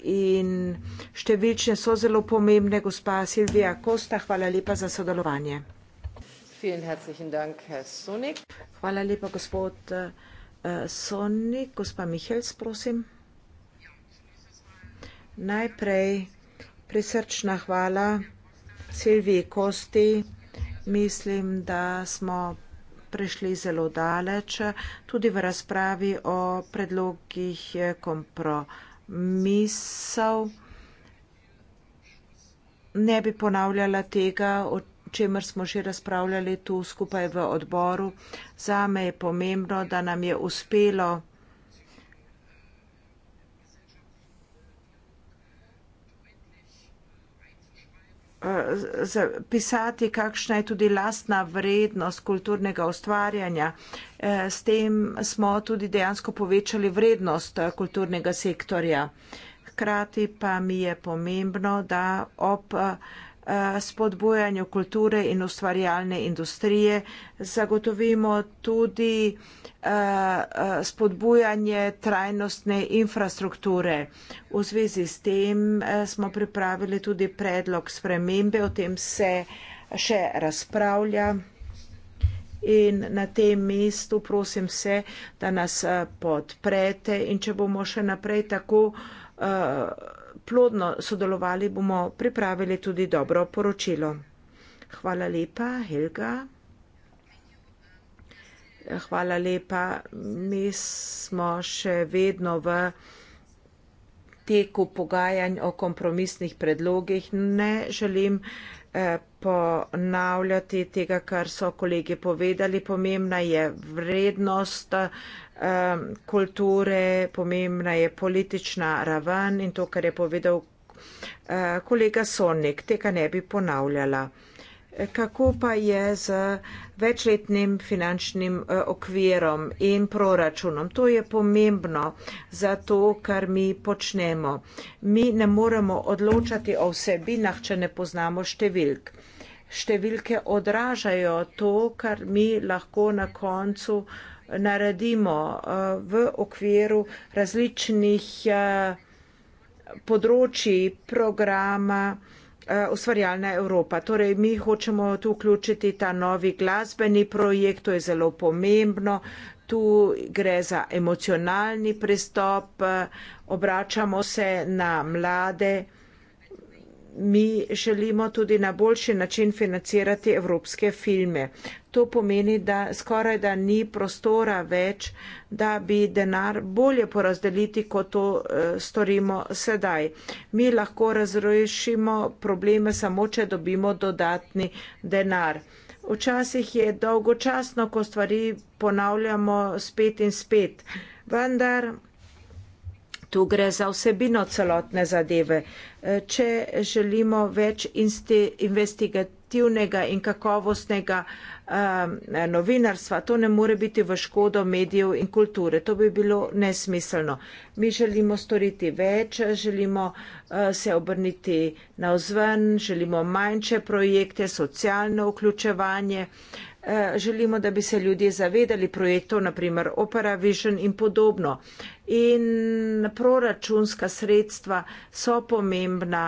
in številčne so zelo pomembne. Gospa Silvija Kosta, hvala lepa za sodelovanje. Hvala lepa, gospod eh, Sonik. Gospa Mihels, prosim. Najprej prisrčna hvala Silviji Kosti. Mislim, da smo prišli zelo daleč tudi v razpravi o predlogih eh, kompromisov misel. Ne bi ponavljala tega, o čemer smo že razpravljali tu skupaj v odboru. Zame je pomembno, da nam je uspelo zapisati, kakšna je tudi lastna vrednost kulturnega ustvarjanja. E, s tem smo tudi dejansko povečali vrednost e, kulturnega sektorja. Hkrati pa mi je pomembno, da ob e, spodbujanju kulture in ustvarjalne industrije zagotovimo tudi uh, Eh, eh, spodbujanje trajnostne infrastrukture. V zvezi s tem eh, smo pripravili tudi predlog spremembe, o tem se še razpravlja. In na tem mestu prosim vse, da nas podprete in če bomo še naprej tako plodno sodelovali, bomo pripravili tudi dobro poročilo. Hvala lepa, Helga hvala lepa. Mi smo še vedno v teku pogajanj o kompromisnih predlogih. Ne želim eh, ponavljati tega, kar so kolegi povedali. Pomembna je vrednost eh, kulture, pomembna je politična raven in to, kar je povedal eh, kolega Sonnik. Tega ne bi ponavljala kako pa je z večletnim finančnim eh, okvirom in proračunom. To je pomembno za to, kar mi počnemo. Mi ne moremo odločati o vsebinah, če ne poznamo številk. Številke odražajo to, kar mi lahko na koncu eh, naredimo eh, v okviru različnih področji programa, Eh, ustvarjalna Evropa. Torej, mi hočemo tu vključiti ta novi glasbeni projekt, to je zelo pomembno. Tu gre za emocionalni pristop, eh, obračamo se na mlade mi želimo tudi na boljši način financirati evropske filme. To pomeni, da skoraj da ni prostora več, da bi denar bolje porazdeliti, kot to eh, storimo sedaj. Mi lahko razrešimo probleme samo, če dobimo dodatni denar. Včasih je dolgočasno, ko stvari ponavljamo spet in spet. Vendar Tu gre za vsebino celotne zadeve. E, če želimo več investigativnosti, objektivnega in kakovostnega um, novinarstva. To ne more biti v škodo medijev in kulture. To bi bilo nesmiselno. Mi želimo storiti več, želimo uh, se obrniti na vzven, želimo manjše projekte, socialno vključevanje. Uh, želimo, da bi se ljudje zavedali projektov, naprimer Opera Vision in podobno. In proračunska sredstva so pomembna.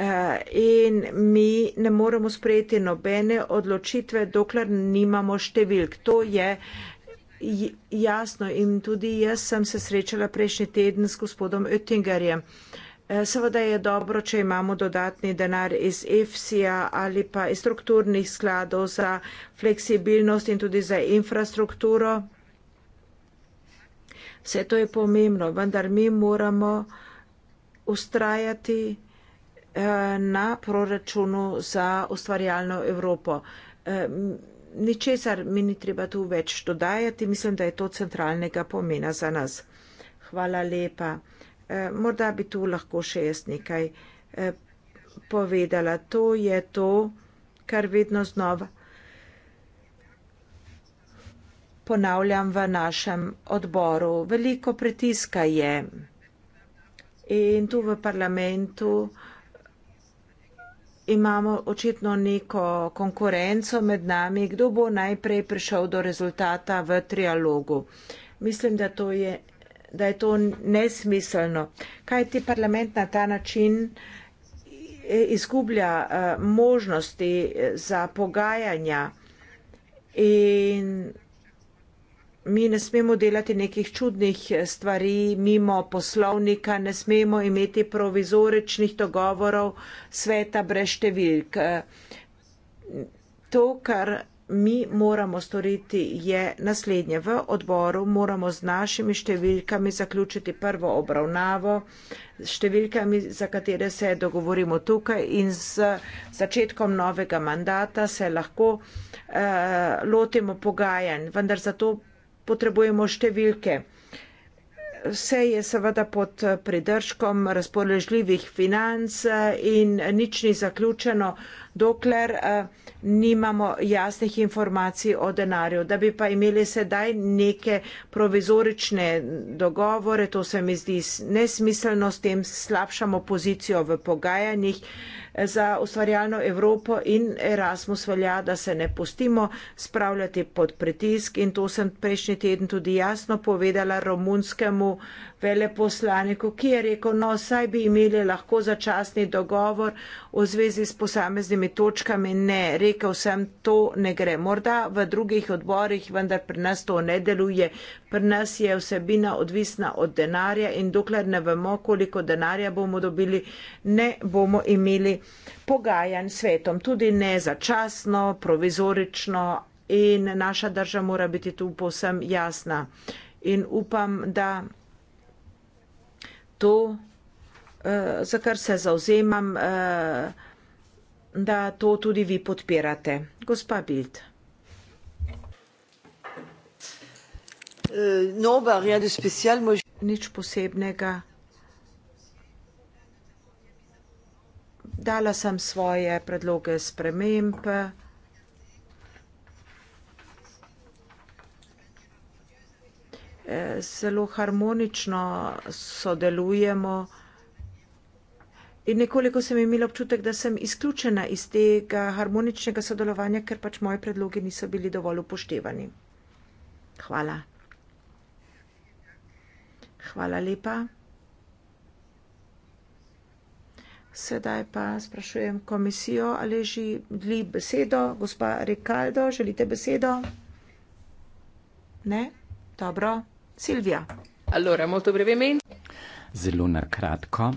Eh, in mi ne moremo sprejeti nobene odločitve, dokler nimamo številk. To je jasno in tudi jaz sem se srečala prejšnji teden s gospodom Oettingerjem. Eh, seveda je dobro, če imamo dodatni denar iz EFSI-ja ali pa iz strukturnih skladov za fleksibilnost in tudi za infrastrukturo. Vse to je pomembno, vendar mi moramo ustrajati na proračunu za ustvarjalno Evropo. Ničesar mi ni treba tu več dodajati, mislim, da je to centralnega pomena za nas. Hvala lepa. Morda bi tu lahko še jaz nekaj povedala. To je to, kar vedno znova ponavljam v našem odboru. Veliko pritiska je. In tu v parlamentu uh, imamo očitno neko konkurenco med nami, kdo bo najprej prišel do rezultata v trialogu. Mislim, da, to je, da je to nesmiselno. Kaj ti parlament na ta način eh, izgublja eh, možnosti eh, za pogajanja in mi ne smemo delati nekih čudnih eh, stvari mimo poslovnika, ne smemo imeti provizoričnih dogovorov sveta brez številk. Eh, to, kar mi moramo storiti, je naslednje. V odboru moramo z našimi številkami zaključiti prvo obravnavo, s številkami, za katere se dogovorimo tukaj in z začetkom novega mandata se lahko uh, lotimo pogajanj, vendar zato potrebujemo številke. Vse je seveda pod pridržkom razpoložljivih financ eh, in nič ni zaključeno, dokler eh, nimamo jasnih informacij o denarju. Da bi pa imeli sedaj neke provizorične dogovore, to se mi zdi nesmiselno, s tem slabšamo pozicijo v pogajanjih za ustvarjalno Evropo in Erasmus velja, da se ne pustimo spravljati pod pritisk in to sem prejšnji teden tudi jasno povedala romunskemu uh, veleposlaniku, ki je rekel, no, saj bi imeli lahko začasni dogovor v zvezi s posameznimi točkami. Ne, rekel sem, to ne gre. Morda v drugih odborih, vendar pri nas to ne deluje. Pri nas je vsebina odvisna od denarja in dokler ne vemo, koliko denarja bomo dobili, ne bomo imeli pogajanj s svetom, tudi ne začasno, provizorično. In naša država mora biti tu posem jasna. In upam, da to, uh, za kar se zauzemam, uh, eh, da to tudi vi podpirate. Gospa Bild. Eh, no, pa rien de spécial, moi. Nič posebnega. Dala sem svoje predloge sprememb. Uh, zelo harmonično sodelujemo. In nekoliko sem imela občutek, da sem izključena iz tega harmoničnega sodelovanja, ker pač moje predloge niso bili dovolj upoštevani. Hvala. Hvala lepa. Sedaj pa sprašujem komisijo, ali že dli besedo. Gospa Rekaldo, želite besedo? Ne? Dobro. Silvija. Allora, molto brevemente. Zelo na kratko.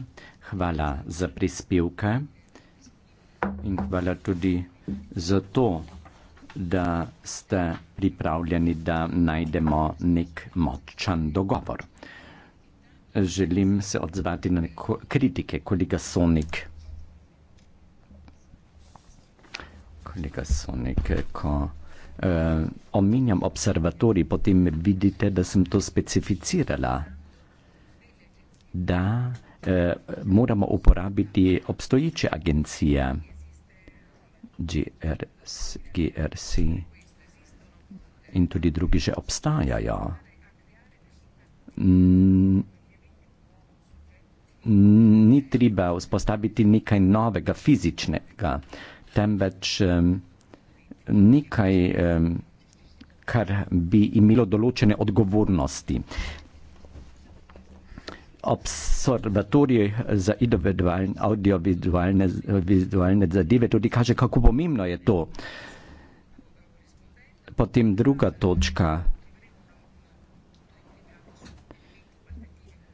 Hvala za prispevke in hvala tudi za to, da ste pripravljeni, da najdemo nek močan dogovor. Želim se odzvati na kritike, kolega Sonik. Kolega Sonik, ko uh, omenjam observatorij, potem vidite, da sem to specificirala, da uh, moramo uporabiti obstoječe agencije GRC, GRC in tudi drugi že obstajajo. Mm, ni treba vzpostaviti nekaj novega fizičnega, temveč um, nekaj, kar bi imelo določene odgovornosti. Observatorij za audiovizualne zadeve tudi kaže, kako pomembno je to. Potem druga točka,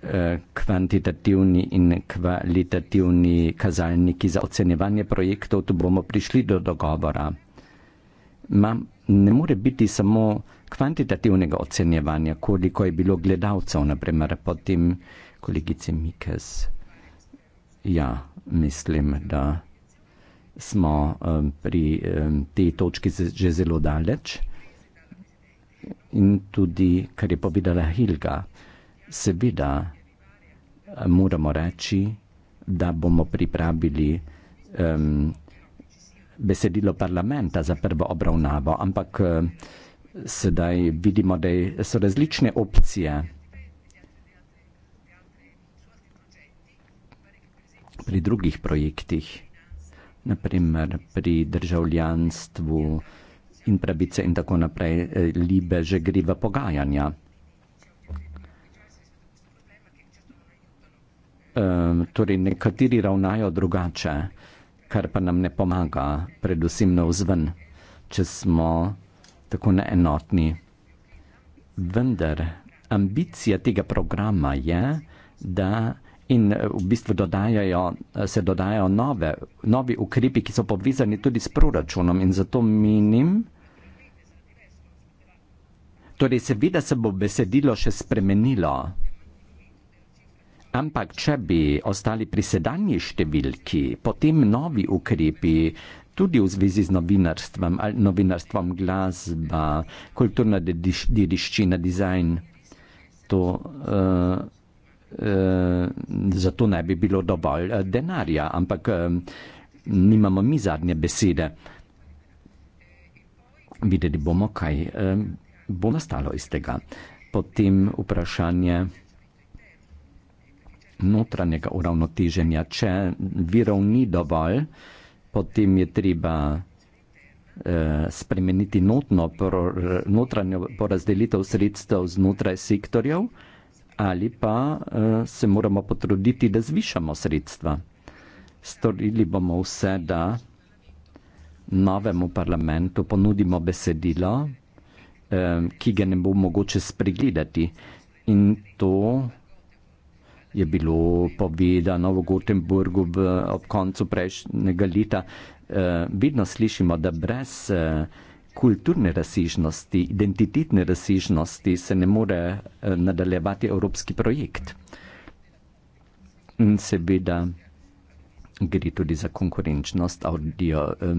eh, kvantitativni in kvalitativni kazalniki za ocenjevanje projektov, tu bomo prišli do dogovora mam, ne more biti samo kvantitativnega ocenjevanja, koliko je bilo gledalcev, naprimer, potem kolegice Mikes. Ja, mislim, da smo um, pri um, tej točki že zelo daleč. In tudi, kar je povedala Hilga, seveda eh, moramo reči, da bomo pripravili um, besedilo parlamenta za prvo obravnavo, ampak eh, sedaj vidimo, da so različne opcije. pri drugih projektih, naprimer pri državljanstvu in pravice in tako naprej, eh, Libe že gre v pogajanja. Eh, torej, nekateri ravnajo drugače kar pa nam ne pomaga, predvsem na vzven, če smo tako neenotni. Vendar ambicija tega programa je, da in eh, v bistvu dodajajo, eh, se dodajajo nove, novi ukrepi, ki so povezani tudi s proračunom in zato menim, Torej, seveda se bo besedilo še spremenilo. Ampak, če bi ostali pri sedanji številki, potem novi ukrepi, tudi v zvezi z novinarstvom, novinarstvom glasba, kulturna dediščina, dizajn, to, uh, uh, za to ne bi bilo dovolj eh, denarja, ampak um, nimamo mi zadnje besede. Videli bomo, kaj um, bo nastalo iz tega. Potem vprašanje notranjega uravnoteženja. Če virov ni dovolj, potem je treba eh, spremeniti notno por, notranjo porazdelitev sredstev znotraj sektorjev ali pa eh, se moramo potruditi, da zvišamo sredstva. Storili bomo vse, da novemu parlamentu ponudimo besedilo, eh, ki ga ne bo mogoče spregledati. In to je bilo povedano v Gotemburgu v, ob koncu prejšnjega leta, eh, vedno slišimo, da brez eh, kulturne razsežnosti, identitetne razsežnosti se ne more eh, nadaljevati evropski projekt. In seveda gre tudi za konkurenčnost audio. Eh,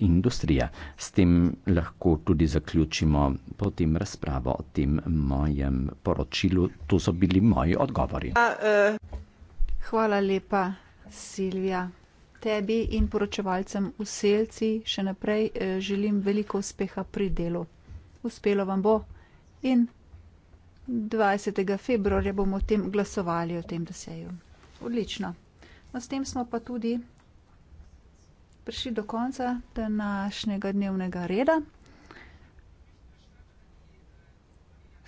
industrija. S tem lahko tudi zaključimo potem razpravo o tem mojem poročilu. To so bili moji odgovori. E. Hvala lepa, Silvija. Tebi in poročevalcem v selci še naprej e, želim veliko uspeha pri delu. Uspelo vam bo in 20. februarja bomo o tem glasovali, o tem deseju. Odlično. No, s tem smo pa tudi prišli do konca današnjega dnevnega reda.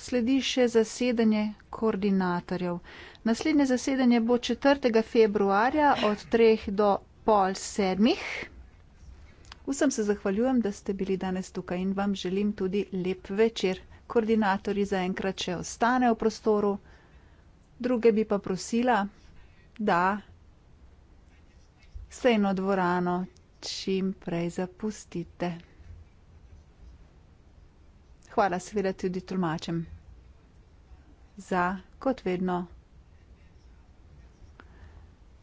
Sledi še zasedanje koordinatorjev. Naslednje zasedanje bo 4. februarja od 3. do pol sedmih. Vsem se zahvaljujem, da ste bili danes tukaj in vam želim tudi lep večer. Koordinatorji zaenkrat še ostanejo v prostoru, druge bi pa prosila, da se eno dvorano čim prej zapustite. Hvala seveda tudi tolmačem za, kot vedno,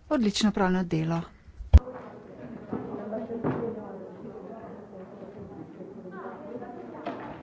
odlično pravno delo.